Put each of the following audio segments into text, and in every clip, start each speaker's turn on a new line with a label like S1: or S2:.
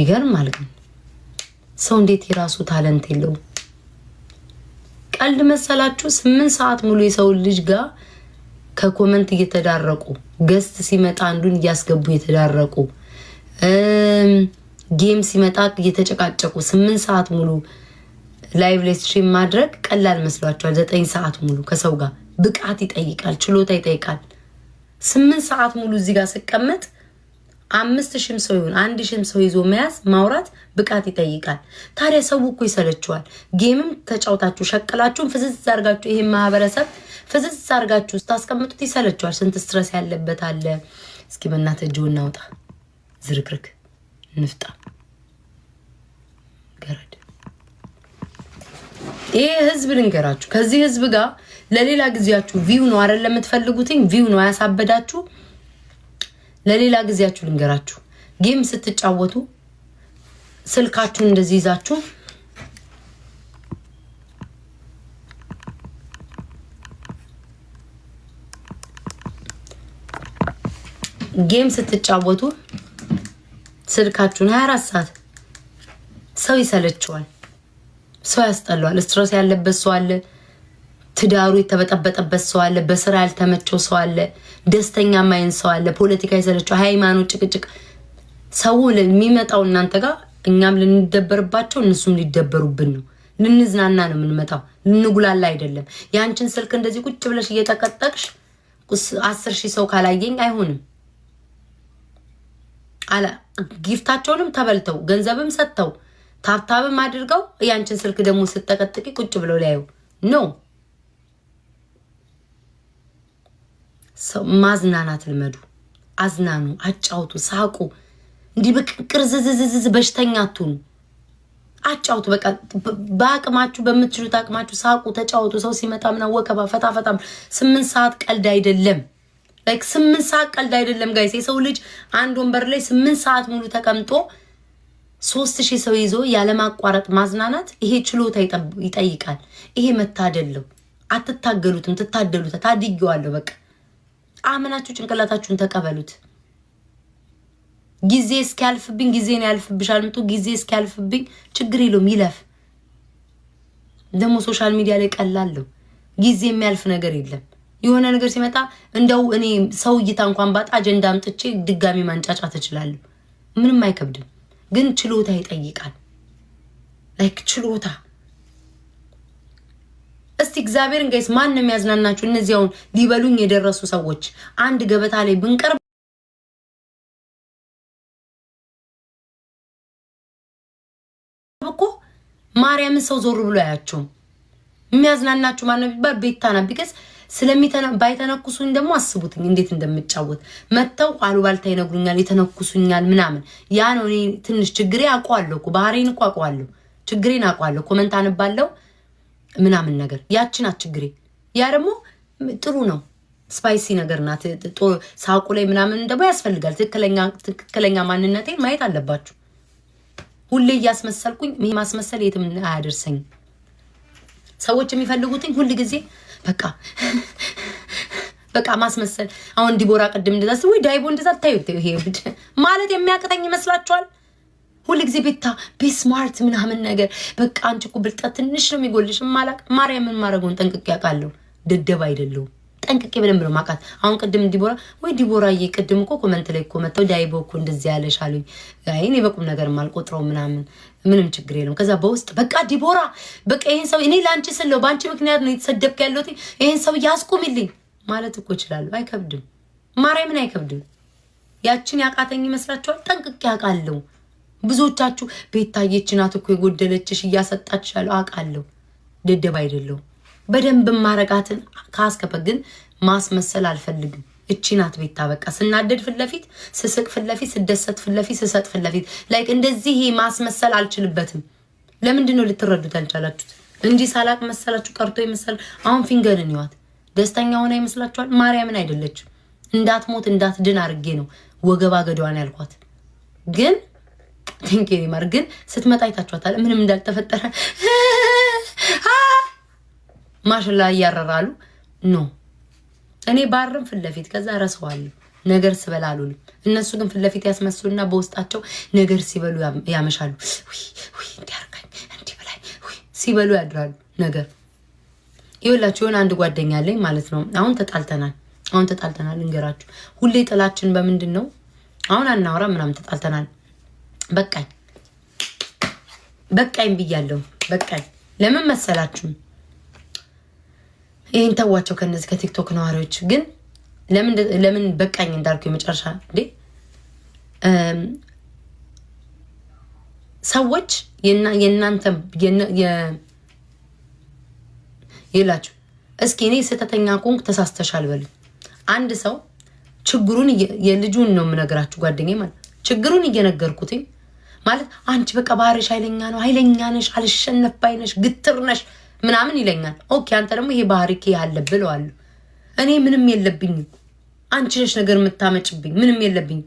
S1: ይገርማል ግን ሰው እንዴት የራሱ ታለንት የለው? ቀልድ መሰላችሁ? ስምንት ሰዓት ሙሉ የሰው ልጅ ጋር ከኮመንት እየተዳረቁ ገስት ሲመጣ አንዱን እያስገቡ እየተዳረቁ ጌም ሲመጣ እየተጨቃጨቁ ስምንት ሰዓት ሙሉ ላይቭ ላይ ስትሪም ማድረግ ቀላል መስሏቸዋል። ዘጠኝ ሰዓት ሙሉ ከሰው ጋር ብቃት ይጠይቃል፣ ችሎታ ይጠይቃል። ስምንት ሰዓት ሙሉ እዚህ ጋር ስቀመጥ አምስት ሺህም ሰው ይሁን አንድ ሺህም ሰው ይዞ መያዝ ማውራት ብቃት ይጠይቃል። ታዲያ ሰው እኮ ይሰለችዋል። ጌምም ተጫውታችሁ ሸቅላችሁም ፍዝዝ አርጋችሁ ይሄን ማህበረሰብ ፍዝዝ አርጋችሁ ስታስቀምጡት ይሰለችዋል። ስንት ስትረስ ያለበት አለ። እስኪ በእናትህ እጅ እናውጣ፣ ዝርክርክ ንፍጣ ገረድ። ይሄ ህዝብ ልንገራችሁ፣ ከዚህ ህዝብ ጋር ለሌላ ጊዜያችሁ ቪው ነው አይደል? የምትፈልጉትኝ ቪው ነው ያሳበዳችሁ ለሌላ ጊዜያችሁ ልንገራችሁ። ጌም ስትጫወቱ ስልካችሁን እንደዚህ ይዛችሁ ጌም ስትጫወቱ ስልካችሁን 24 ሰዓት ሰው ይሰለችዋል፣ ሰው ያስጠላዋል። ስትረስ ያለበት ሰው አለ ትዳሩ የተበጠበጠበት ሰው አለ። በስራ ያልተመቸው ሰው አለ። ደስተኛ ማይን ሰው አለ። ፖለቲካ የሰለቸው፣ ሃይማኖት ጭቅጭቅ። ሰው የሚመጣው እናንተ ጋር እኛም ልንደበርባቸው እነሱም ሊደበሩብን ነው። ልንዝናና ነው የምንመጣው፣ ልንጉላላ አይደለም። ያንችን ስልክ እንደዚህ ቁጭ ብለሽ እየጠቀጠቅሽ አስር ሺህ ሰው ካላየኝ አይሆንም። ጊፍታቸውንም ተበልተው ገንዘብም ሰጥተው ታብታብም አድርገው ያንችን ስልክ ደግሞ ስጠቀጥቂ ቁጭ ብለው ሊያዩ ነው። ማዝናናት ልመዱ። አዝናኑ፣ አጫውቱ፣ ሳቁ። እንዲህ በቅቅር ዝዝዝዝ በሽተኛ አትሁኑ። አጫውቱ። በቃ በአቅማችሁ በምትችሉት አቅማችሁ ሳቁ፣ ተጫወቱ። ሰው ሲመጣ ምናምን ወከባ ፈታፈታም ስምንት ሰዓት ቀልድ አይደለም። ላይክ ስምንት ሰዓት ቀልድ አይደለም ጋይስ። የሰው ልጅ አንድ ወንበር ላይ ስምንት ሰዓት ሙሉ ተቀምጦ ሶስት ሺህ ሰው ይዞ ያለማቋረጥ ማዝናናት ይሄ ችሎታ ይጠይቃል። ይሄ መታደለው አትታገሉትም፣ ትታደሉት። ታድጊዋለሁ በቃ አምናችሁ ጭንቅላታችሁን ተቀበሉት። ጊዜ እስኪያልፍብኝ ጊዜ ነው ያልፍብሻል። ምጡ ጊዜ እስኪያልፍብኝ ችግር የለውም ይለፍ። ደግሞ ሶሻል ሚዲያ ላይ ቀላለሁ። ጊዜ የሚያልፍ ነገር የለም። የሆነ ነገር ሲመጣ እንደው እኔ ሰው እይታ እንኳን ባጣ አጀንዳ አምጥቼ ድጋሚ ማንጫጫ ትችላለሁ። ምንም አይከብድም፣ ግን ችሎታ ይጠይቃል። ላይክ ችሎታ እስቲ እግዚአብሔርን ጋይስ ማን ነው የሚያዝናናችሁ? እነዚህ ሊበሉኝ የደረሱ ሰዎች አንድ ገበታ ላይ ብንቀርብ እኮ ማርያምን ሰው ዞር ብሎ አያቸውም። የሚያዝናናችሁ ማን ነው ቢባል ቤታና ቢቀስ ስለሚተና ደግሞ አስቡትኝ እንዴት እንደምጫወት መተው አሉባልታ ይነግሩኛል፣ የተነኩሱኛል ምናምን። ያ ነው እኔ ትንሽ ችግሬ አውቀዋለሁ እኮ ባህሬን እኮ አውቀዋለሁ፣ ችግሬን አውቀዋለሁ። ኮመንት አንባለው ምናምን ነገር ያችን አችግሬ ያ ደግሞ ጥሩ ነው። ስፓይሲ ነገር ናት። ሳቁ ላይ ምናምን ደግሞ ያስፈልጋል። ትክክለኛ ማንነቴን ማየት አለባችሁ። ሁሌ እያስመሰልኩኝ ይህ ማስመሰል የትም አያደርሰኝ። ሰዎች የሚፈልጉትኝ ሁል ጊዜ በቃ በቃ ማስመሰል። አሁን ዲቦራ ቅድም እንደዛ ወይ ዳይቦ እንደዛ ታዩ ማለት የሚያቅተኝ ይመስላችኋል? ሁል ጊዜ ቤታ ቤስማርት ምናምን ነገር በቃ አንቺ እኮ ብልጣት ትንሽ ነው የሚጎልሽ። ማላቅ ማርያምን ማድረገውን ጠንቅቄ አውቃለሁ። ደደብ አይደለሁም። ጠንቅቄ በደንብ ነው ማውቃት። አሁን ቅድም ዲቦራ ወይ ዲቦራዬ፣ ቅድም እኮ ኮመንት ላይ እኮ መጥተው ዳይቦ እኮ እንደዚህ ያለሽ አሉኝ። እኔ በቁም ነገር አልቆጥረው ምናምን ምንም ችግር የለውም። ከዛ በውስጥ በቃ ዲቦራ፣ በቃ ይህን ሰው እኔ ለአንቺ ስለው በአንቺ ምክንያት ነው የተሰደብክ ያለሁት ይህን ሰው እያስቁምልኝ ማለት እኮ ይችላሉ። አይከብድም። ማርያምን አይከብድም። ያችን ያቃተኝ ይመስላችኋል? ጠንቅቄ አውቃለሁ። ብዙዎቻችሁ ቤታየች ናት እኮ የጎደለችሽ እያሰጣች ያለ አውቃለሁ። ደደብ አይደለሁም። በደንብ ማረጋትን ካስከፈ ግን ማስመሰል አልፈልግም። እቺ ናት ቤታ። በቃ ስናደድ ፍለፊት ስስቅ ፍለፊት፣ ስደሰት ፍለፊት፣ ስሰጥ ፍለፊት ላይክ እንደዚህ ማስመሰል አልችልበትም። ለምንድን ነው ልትረዱት ያልቻላችሁት? እንጂ ሳላቅ መሰላችሁ ቀርቶ ይመስላል። አሁን ፊንገርን ይዋት ደስተኛ ሆነ ይመስላችኋል? ማርያምን አይደለችም። እንዳትሞት እንዳትድን አድርጌ ነው ወገባ ገደዋን ያልኳት ግን ቲንኬሪ ማር ግን ስትመጣ አይታችኋታል። ምንም እንዳልተፈጠረ ማሽላ እያረራሉ ኖ እኔ ባርም ፍለፊት ከዛ ረሰዋለሁ። ነገር ስበላ አሉልም። እነሱ ግን ፍለፊት ያስመስሉና በውስጣቸው ነገር ሲበሉ ያመሻሉ። እንዲያርጋኝ እንዲህ ብላኝ ሲበሉ ያድራሉ። ነገር ይኸውላችሁ የሆነ አንድ ጓደኛ አለኝ ማለት ነው። አሁን ተጣልተናል። አሁን ተጣልተናል እንገራችሁ። ሁሌ ጥላችን በምንድን ነው? አሁን አናወራ ምናምን ተጣልተናል በቃኝ በቃኝ ብያለሁ። በቃኝ ለምን መሰላችሁ? ይህን ተዋቸው ከነዚህ ከቲክቶክ ነዋሪዎች ግን ለምን በቃኝ እንዳልኩ የመጨረሻ እንዴ ሰዎች የእናንተ የላችሁ እስኪ እኔ ስህተተኛ ኮንኩ ተሳስተሻል በሉ። አንድ ሰው ችግሩን የልጁን ነው የምነግራችሁ ጓደኛ ማለት ችግሩን እየነገርኩትኝ ማለት አንቺ በቃ ባህርሽ ኃይለኛ ነው፣ ኃይለኛ ነሽ፣ አልሸነፍ ባይነሽ፣ ግትር ነሽ ምናምን ይለኛል። ኦኬ አንተ ደግሞ ይሄ ኬ አለ ብለዋለሁ። እኔ ምንም የለብኝም። አንቺ ነሽ ነገር የምታመጭብኝ፣ ምንም የለብኝም።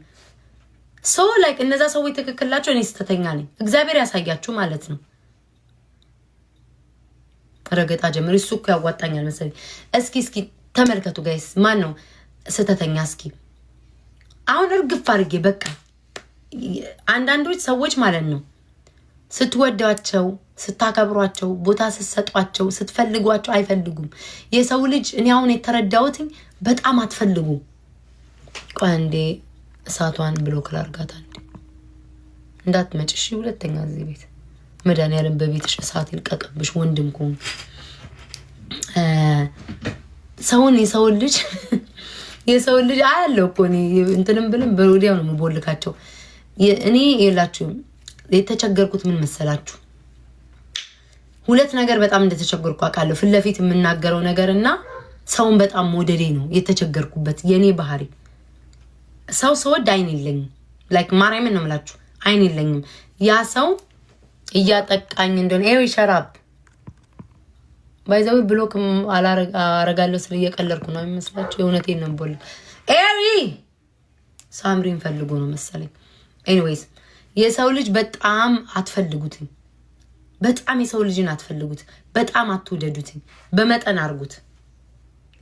S1: ሰው ላይ እነዛ ሰዎች ትክክላቸው፣ እኔ ስተተኛ ነኝ። እግዚአብሔር ያሳያችሁ ማለት ነው። ረገጣ ጀምር። እሱ እኮ ያዋጣኛል መሰለኝ። እስኪ እስኪ ተመልከቱ ጋይስ፣ ማን ነው ስተተኛ? እስኪ አሁን እርግፍ አድርጌ በቃ አንዳንዶች ሰዎች ማለት ነው ስትወዷቸው ስታከብሯቸው ቦታ ስትሰጧቸው ስትፈልጓቸው አይፈልጉም። የሰው ልጅ እኔ አሁን የተረዳሁትኝ በጣም አትፈልጉ። ቆይ አንዴ እሳቷን ብሎ ክላርጋት አንዴ እንዳትመጭ እሺ። ሁለተኛ እዚህ ቤት መድኃኒዓለም በቤትሽ እሳት ይልቀቅብሽ። ወንድም ከሆኑ ሰውን የሰውን ልጅ የሰውን ልጅ አያለው እኮ እንትንም ብልም ወዲያው ነው የምቦልካቸው እኔ የላችሁ የተቸገርኩት ምን መሰላችሁ? ሁለት ነገር በጣም እንደተቸገርኩ አውቃለሁ። ፊት ለፊት የምናገረው ነገር እና ሰውን በጣም መውደዴ ነው የተቸገርኩበት። የእኔ ባህሪ ሰው ስወድ አይን የለኝም። ላይክ ማርያምን ነው የምላችሁ፣ አይን የለኝም። ያ ሰው እያጠቃኝ እንደሆነ ይኸው ይሸራብ ባይዘዊ ብሎክ አረጋለሁ ስል እየቀለድኩ ነው የሚመስላቸው። የእውነቴን ነው። ቦል ኤሪ ሳምሪን ፈልጎ ነው መሰለኝ ኤኒዌይስ የሰው ልጅ በጣም አትፈልጉትኝ። በጣም የሰው ልጅን አትፈልጉት። በጣም አትውደዱትኝ። በመጠን አድርጉት።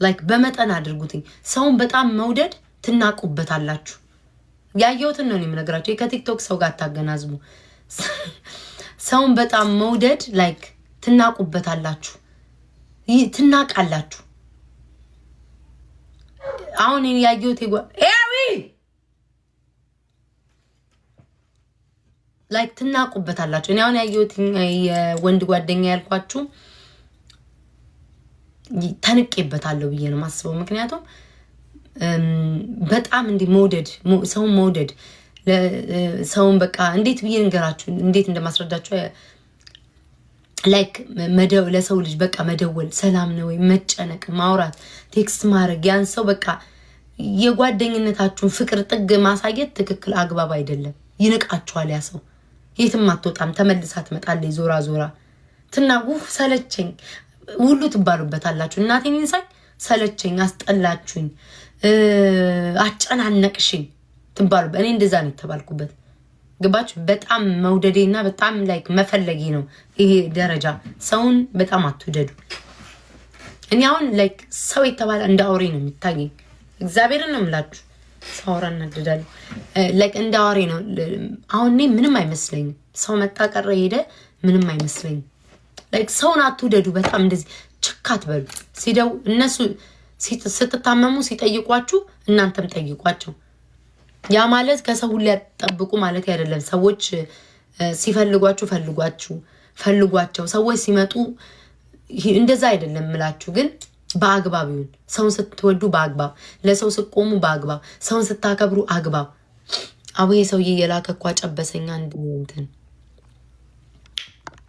S1: ላይክ በመጠን አድርጉትኝ። ሰውን በጣም መውደድ ትናቁበታላችሁ። ያየሁትን ነው የምነግራቸው። ከቲክቶክ ሰው ጋር አታገናዝቡ። ሰውን በጣም መውደድ ላይክ ትናቁበታላችሁ፣ ትናቃላችሁ። አሁን ያየሁት ላይክ ትናቁበታላችሁ። እኔ አሁን ያየሁት የወንድ ጓደኛ ያልኳችሁ ተንቄበታለሁ ብዬ ነው ማስበው። ምክንያቱም በጣም እንዲህ መውደድ ሰውን መውደድ ሰውን በቃ እንዴት ብዬ ንገራችሁ፣ እንዴት እንደማስረዳችሁ ላይክ ለሰው ልጅ በቃ መደወል፣ ሰላም ነው ወይ መጨነቅ፣ ማውራት፣ ቴክስት ማድረግ ያን ሰው በቃ የጓደኝነታችሁን ፍቅር ጥግ ማሳየት ትክክል አግባብ አይደለም። ይንቃችኋል ያ ሰው። የትም አትወጣም፣ ተመልሳ ትመጣለች ዞራ ዞራ ትና ውፍ ሰለቸኝ ሁሉ ትባሉበታላችሁ። እናቴን ይንሳኝ፣ ሰለቸኝ፣ አስጠላችሁኝ፣ አጨናነቅሽኝ ትባሉበት። እኔ እንደዛ ነው የተባልኩበት። ግባችሁ በጣም መውደዴ እና በጣም ላይክ መፈለጌ ነው ይሄ ደረጃ። ሰውን በጣም አትውደዱ። እኔ አሁን ላይክ ሰው የተባለ እንደ አውሬ ነው የሚታየኝ። እግዚአብሔርን ነው የምላችሁ። ሳወራ እናደዳለሁ። እንደ አዋሬ ነው። አሁን እኔ ምንም አይመስለኝም። ሰው መጣ ቀረ ሄደ ምንም አይመስለኝም። ሰውን አትውደዱ። በጣም እንደዚህ ችካት በሉ ሲደው እነሱ ስትታመሙ ሲጠይቋችሁ እናንተም ጠይቋቸው። ያ ማለት ከሰው ሁሌ ያጠብቁ ማለት አይደለም። ሰዎች ሲፈልጓችሁ ፈልጓችሁ ፈልጓቸው። ሰዎች ሲመጡ እንደዛ አይደለም ምላችሁ ግን በአግባብ ይሁን። ሰውን ስትወዱ በአግባብ ለሰው ስቆሙ በአግባብ ሰውን ስታከብሩ አግባብ። አቡዬ ሰውዬ የላከ እኮ አጨበሰኛ እንትን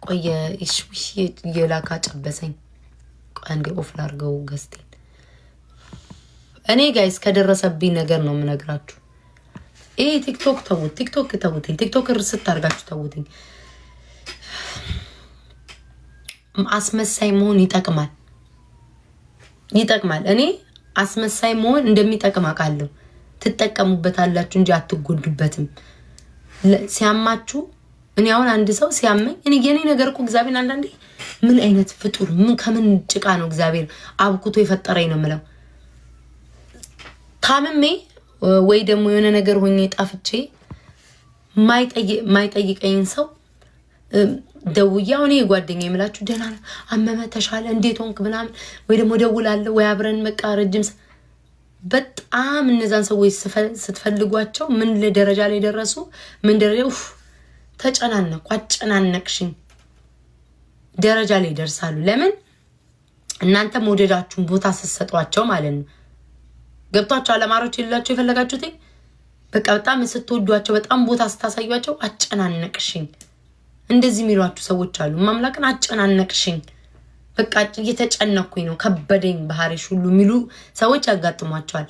S1: ቆየ የላከ አጨበሰኝ። አንዴ ኦፍ ላርገው ገዝቴን። እኔ ጋይስ ከደረሰብኝ ነገር ነው የምነግራችሁ። ይህ ቲክቶክ ተውት፣ ቲክቶክ ተውትኝ፣ ቲክቶክ ስታርጋችሁ ተውትኝ። አስመሳይ መሆን ይጠቅማል። ይጠቅማል። እኔ አስመሳይ መሆን እንደሚጠቅም አውቃለሁ። ትጠቀሙበታላችሁ እንጂ አትጎዱበትም። ሲያማችሁ እኔ አሁን አንድ ሰው ሲያመኝ እኔ የኔ ነገር እኮ እግዚአብሔር አንዳንዴ ምን አይነት ፍጡር ምን ከምን ጭቃ ነው እግዚአብሔር አብኩቶ የፈጠረኝ ነው ምለው። ታምሜ ወይ ደግሞ የሆነ ነገር ሆኜ ጣፍቼ ማይጠይቀኝን ሰው ደውዬ አሁን ጓደኛ የምላችሁ ደህና ነው፣ አመመ፣ ተሻለ፣ እንዴት ሆንክ ምናምን ወይ ደግሞ ደውላለሁ ወይ አብረን በቃ ረጅም በጣም እነዛን ሰዎች ስትፈልጓቸው ምን ደረጃ ላይ ደረሱ? ምን ደረጃ ፍ ተጨናነቁ፣ አጨናነቅሽኝ ደረጃ ላይ ይደርሳሉ። ለምን እናንተ መውደዳችሁን ቦታ ስትሰጧቸው ማለት ነው። ገብቷቸው አለማሮች የሌላቸው የፈለጋችሁት በቃ በጣም ስትወዷቸው፣ በጣም ቦታ ስታሳዩቸው አጨናነቅሽኝ እንደዚህ የሚሏችሁ ሰዎች አሉ። ማምላክን አጨናነቅሽኝ፣ በቃ እየተጨነኩኝ ነው፣ ከበደኝ፣ ባህሪሽ ሁሉ የሚሉ ሰዎች ያጋጥሟቸዋል።